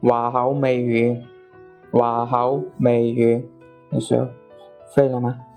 話口未完，話口未完，你想飛了嗎？